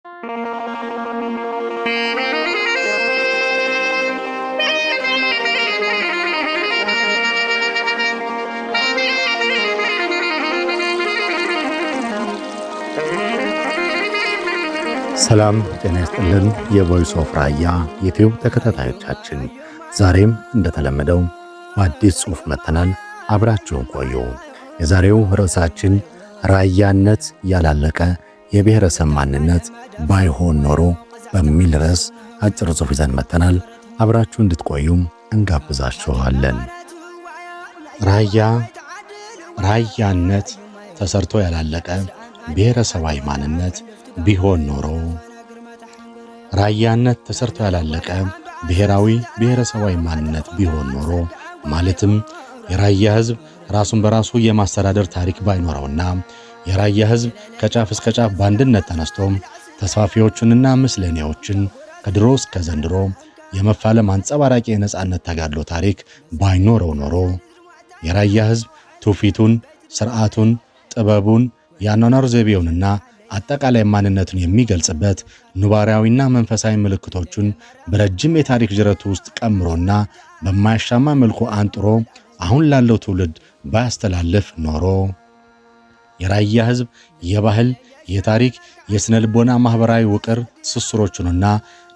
ሰላም ጤና ይስጥልን። የቮይስ ኦፍ ራያ ዩቲዩብ ተከታታዮቻችን ዛሬም እንደተለመደው በአዲስ ጽሑፍ መጥተናል። አብራችሁን ቆዩ። የዛሬው ርዕሳችን ራያነት ያላለቀ የብሔረሰብ ማንነት ባይሆን ኖሮ በሚል ርዕስ አጭር ጽሑፍ ይዘን መጥተናል። አብራችሁ እንድትቆዩም እንጋብዛችኋለን። ራያ ራያነት ተሰርቶ ያላለቀ ብሔረሰባዊ ማንነት ቢሆን ኖሮ ራያነት ተሰርቶ ያላለቀ ብሔራዊ ብሔረሰባዊ ማንነት ቢሆን ኖሮ ማለትም የራያ ሕዝብ ራሱን በራሱ የማስተዳደር ታሪክ ባይኖረውና የራያ ሕዝብ ከጫፍ እስከ ጫፍ በአንድነት ተነስቶም ተስፋፊዎቹንና ምስለኔዎችን ከድሮ እስከ ዘንድሮ የመፋለም አንጸባራቂ የነጻነት ተጋድሎ ታሪክ ባይኖረው ኖሮ የራያ ሕዝብ ትውፊቱን፣ ስርዓቱን፣ ጥበቡን፣ የአኗኗር ዘይቤውንና አጠቃላይ ማንነቱን የሚገልጽበት ኑባሪያዊና መንፈሳዊ ምልክቶቹን በረጅም የታሪክ ጅረቱ ውስጥ ቀምሮና በማያሻማ መልኩ አንጥሮ አሁን ላለው ትውልድ ባያስተላልፍ ኖሮ የራያ ህዝብ የባህል፣ የታሪክ፣ የሥነ ልቦና ማኅበራዊ ውቅር ትስስሮቹንና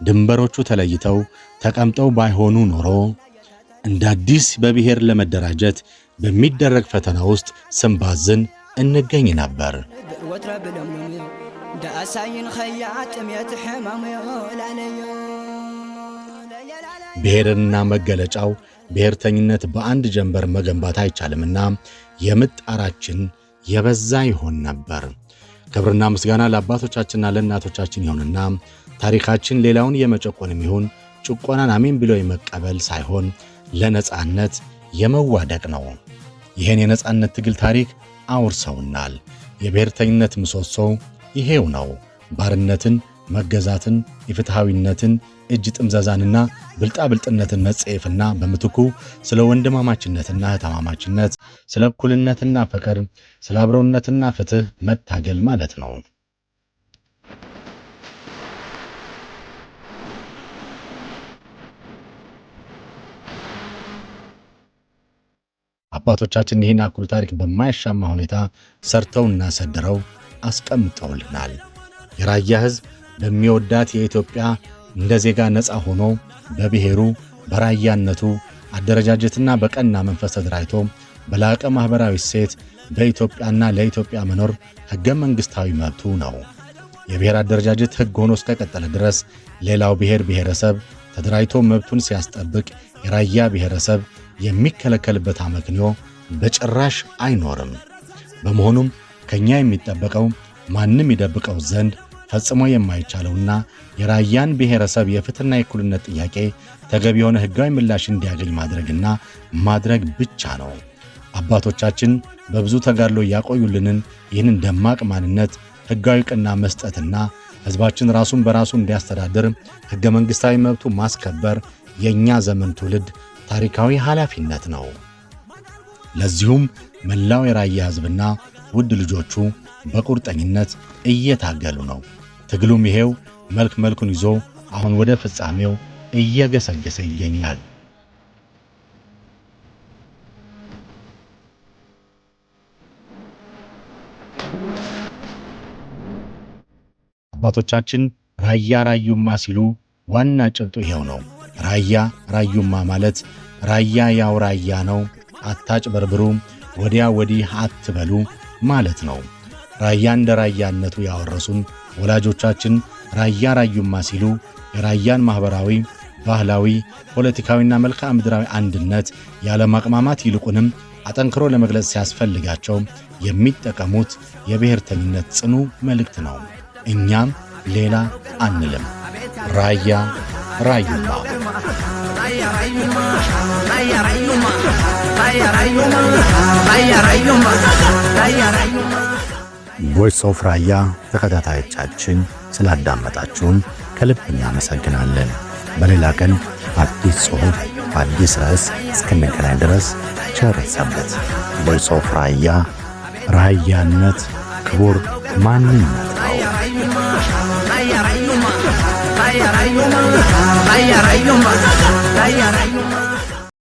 ድንበሮቹ ተለይተው ተቀምጠው ባይሆኑ ኖሮ እንደ አዲስ በብሔር ለመደራጀት በሚደረግ ፈተና ውስጥ ስንባዝን እንገኝ ነበር። ብሔርና መገለጫው ብሔርተኝነት በአንድ ጀንበር መገንባት አይቻልምና የምጣራችን የበዛ ይሆን ነበር። ክብርና ምስጋና ለአባቶቻችንና ለእናቶቻችን ይሁንና ታሪካችን ሌላውን የመጨቆንም ይሁን ጭቆናን አሜን ብሎ የመቀበል ሳይሆን ለነጻነት የመዋደቅ ነው። ይህን የነጻነት ትግል ታሪክ አውርሰውናል። የብሔርተኝነት ምሰሶ ይሄው ነው። ባርነትን መገዛትን፣ የፍትሐዊነትን እጅ ጥምዘዛንና ብልጣብልጥነትን መጸየፍና በምትኩ ስለ ወንድማማችነትና እህትማማችነት፣ ስለ እኩልነትና ፍቅር፣ ስለ አብረውነትና ፍትህ መታገል ማለት ነው። አባቶቻችን ይህን አኩል ታሪክ በማያሻማ ሁኔታ ሰርተውና ሰድረው አስቀምጠውልናል። የራያ ህዝብ በሚወዳት የኢትዮጵያ እንደ ዜጋ ነፃ ሆኖ በብሔሩ በራያነቱ አደረጃጀትና በቀና መንፈስ ተደራጅቶ በላቀ ማኅበራዊ ሴት በኢትዮጵያና ለኢትዮጵያ መኖር ሕገ መንግሥታዊ መብቱ ነው። የብሔር አደረጃጀት ሕግ ሆኖ እስከቀጠለ ድረስ ሌላው ብሔር ብሔረሰብ ተደራጅቶ መብቱን ሲያስጠብቅ የራያ ብሔረሰብ የሚከለከልበት አመክንዮ በጭራሽ አይኖርም። በመሆኑም ከእኛ የሚጠበቀው ማንም ይደብቀው ዘንድ ፈጽሞ የማይቻለውና የራያን ብሔረሰብ የፍትህና የእኩልነት ጥያቄ ተገቢ የሆነ ህጋዊ ምላሽ እንዲያገኝ ማድረግና ማድረግ ብቻ ነው። አባቶቻችን በብዙ ተጋድሎ ያቆዩልንን ይህንን ደማቅ ማንነት ህጋዊ ዕውቅና መስጠትና ህዝባችን ራሱን በራሱ እንዲያስተዳድር ህገ መንግሥታዊ መብቱ ማስከበር የእኛ ዘመን ትውልድ ታሪካዊ ኃላፊነት ነው። ለዚሁም መላው የራያ ህዝብና ውድ ልጆቹ በቁርጠኝነት እየታገሉ ነው። ትግሉም ይሄው መልክ መልኩን ይዞ አሁን ወደ ፍጻሜው እየገሰገሰ ይገኛል። አባቶቻችን ራያ ራዩማ ሲሉ ዋና ጭብጡ ይሄው ነው። ራያ ራዩማ ማለት ራያ ያው ራያ ነው፣ አታጭበርብሩ፣ ወዲያ ወዲህ አትበሉ ማለት ነው። ራያ እንደ ራያነቱ ያወረሱን ወላጆቻችን ራያ ራዩማ ሲሉ የራያን ማኅበራዊ፣ ባህላዊ፣ ፖለቲካዊና መልክዓ ምድራዊ አንድነት ያለማቅማማት ይልቁንም አጠንክሮ ለመግለጽ ሲያስፈልጋቸው የሚጠቀሙት የብሔርተኝነት ጽኑ መልእክት ነው። እኛም ሌላ አንልም። ራያ ራዩማ ራያ ራዩማ ቮይስ ኦፍ ራያ ተከታታዮቻችን ስላዳመጣችሁን ከልብ እናመሰግናለን። በሌላ ቀን አዲስ ጽሑፍ፣ አዲስ ርዕስ እስክንገናኝ ድረስ ቸር ሰንብቱ። ቮይስ ኦፍ ራያ ራያነት ክቡር ማንነት ነው።